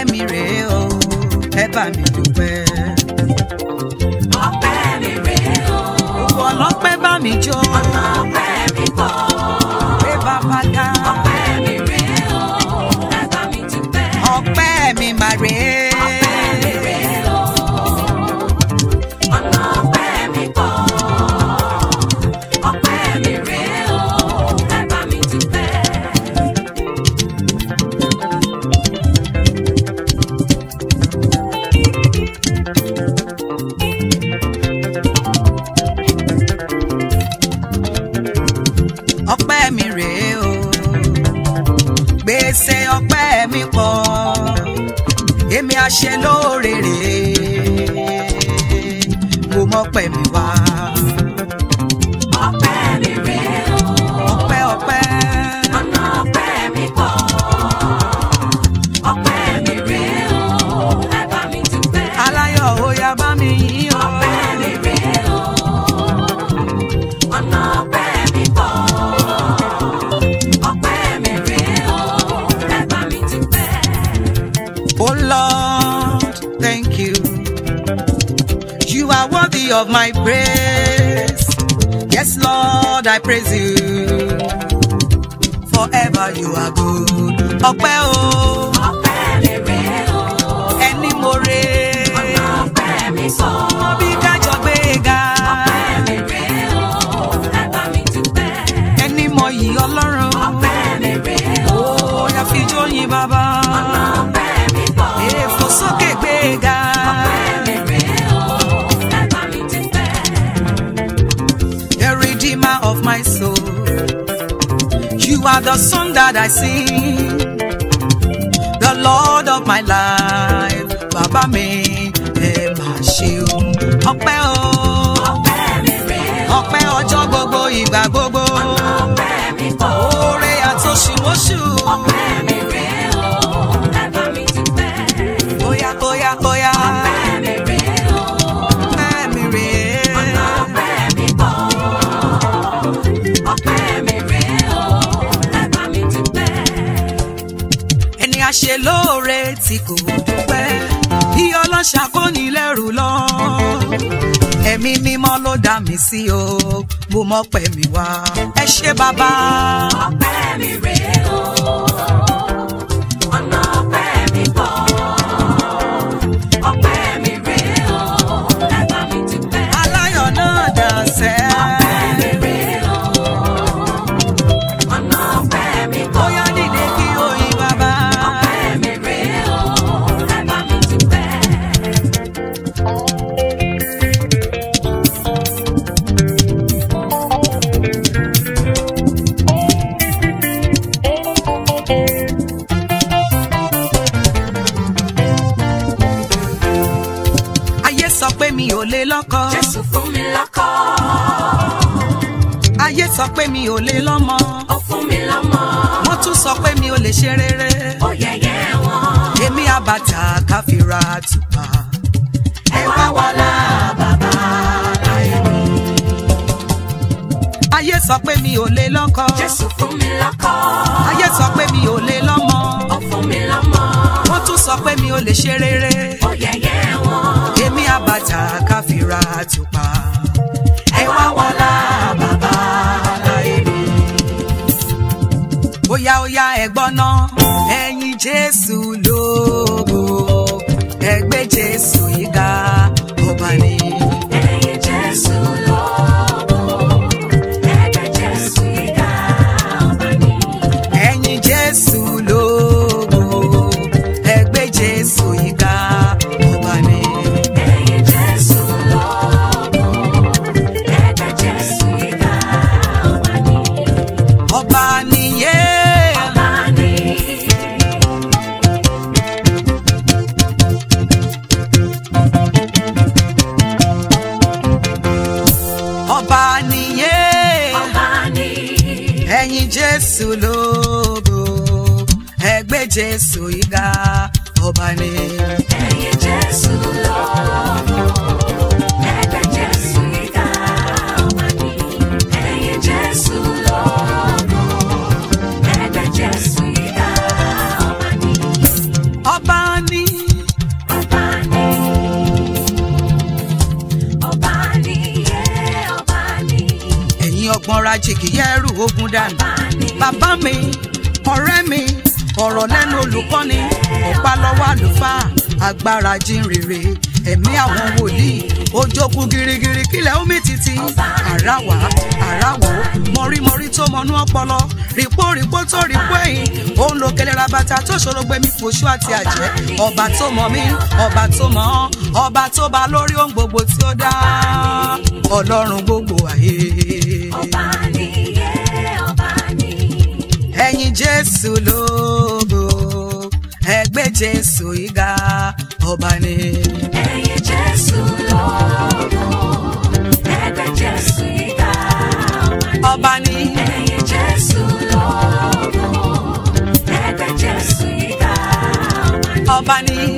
ọpẹ́ mi rèé o ẹ bá mi dúpẹ́. ọpẹ́ mi rèé o. ìwọ bá mi jó. fi pọ̀ èmi àṣẹ lóore rèé mo mọ̀ pẹ̀mí wá. Lord, thank you. You are worthy of my praise. Yes, Lord, I praise you. Forever you are good. Ọpẹ́ o. Ọpẹ́ mi rè o. Ẹni mo rè. ọpẹ́ mi sọ. Bí kájọ gbé ga. Ọpẹ́ mi rè o. Ẹ bá mi dúpẹ́. Ẹni mọ̀ yìí Ọlọ́run. Ọpẹ́ mi rè o. Ó fi bàbá. of my soul. You are the song that I sing, the Lord of my life. Baba me, ẹ má ṣe o, ọpẹ́ o. Ọpẹ́ mi rè o. Ọpẹ́ ọjọ́ gbogbo ìgbà gbogbo. Ọpẹ́ mi kọ́. Oore àtúnṣinwóṣù. Ọpẹ́ mi rè o, ẹ bá mi dúpẹ́. Bóyá bóyá a ṣe lóore tí kò dúpẹ́ bí ọlọ́ṣà kò ní lẹ́rù lọ ẹ̀mí mímọ́ ló dá mi sí o mo mọ̀ pẹ̀mí wá ẹ ṣé bàbá. pé mi ò lè lọ́kọ. Jésù fún mi lọ́kọ. Ayé sọ pé mi ò lè lọ́mọ. Ó fún mi lọ́mọ. Wọ́n tún sọ pé mi ò lè ṣe rere. Ó yẹ̀yẹ́ wọn. Èmi àbàtà káfíra àtùpà. Ẹ wá wọlá bàbá ayé mi. Ayé sọ pé mi ò lè lọ́kọ. Jésù fún mi lọ́kọ. Ayé sọ pé mi ò lè lọ́mọ. Ó fún mi lọ́mọ. Wọ́n tún sọ pé mi ò lè ṣe rere ta káfíra àtùpà. ẹ wá wọlá bàbá láyé mi. bóyá ó yá ẹ gbọ́ná ẹ̀yin Jésù lógo ẹ Jésù yìí ga ọba ni. jésù lógo ẹ gbé jésù yíga ọba ni. ẹyin jésù lógo ẹ gbé jésù yíga ọba ni ẹyin jésù lógo ẹ gbé jésù yíga ọba ni. ọba ni. ọba ni. ọba ni yẹ ọba ni. ẹ̀yin ọgbọ́n rajì kì í yẹ́rù ogun dànù. ọba ni bàbá mi ọ̀rẹ́ mi ọ̀rọ̀ lẹ́nu olùkọ́ni ọ̀pá lọ́wọ́ àlùfáà agbára jínrere ẹ̀mí àwọn wòlíì ojókù girigiri kílẹ̀ omi títí àràwà àràwò mọ̀rímọ̀rí tó mọ̀nú ọpọlọ rìpó rìpó tó rìpó ẹ̀yìn òun ló kẹlẹ́ra bàtà tó ṣòro gbẹmí fòṣù àti àjẹ́ ọba tó mọ̀ mí ọba tó mọ̀ ọba tó ba lórí ohun gbogbo tí ó dá ọlọ́run gbogbo ayé. jésù lógo ẹ gbé jésù ìga ọba ni. ẹyẹ jésù lógo ẹ gbé jésù ìga ọba ni. ẹyẹ jésù lógo ẹ gbé jésù ìga ọba ni.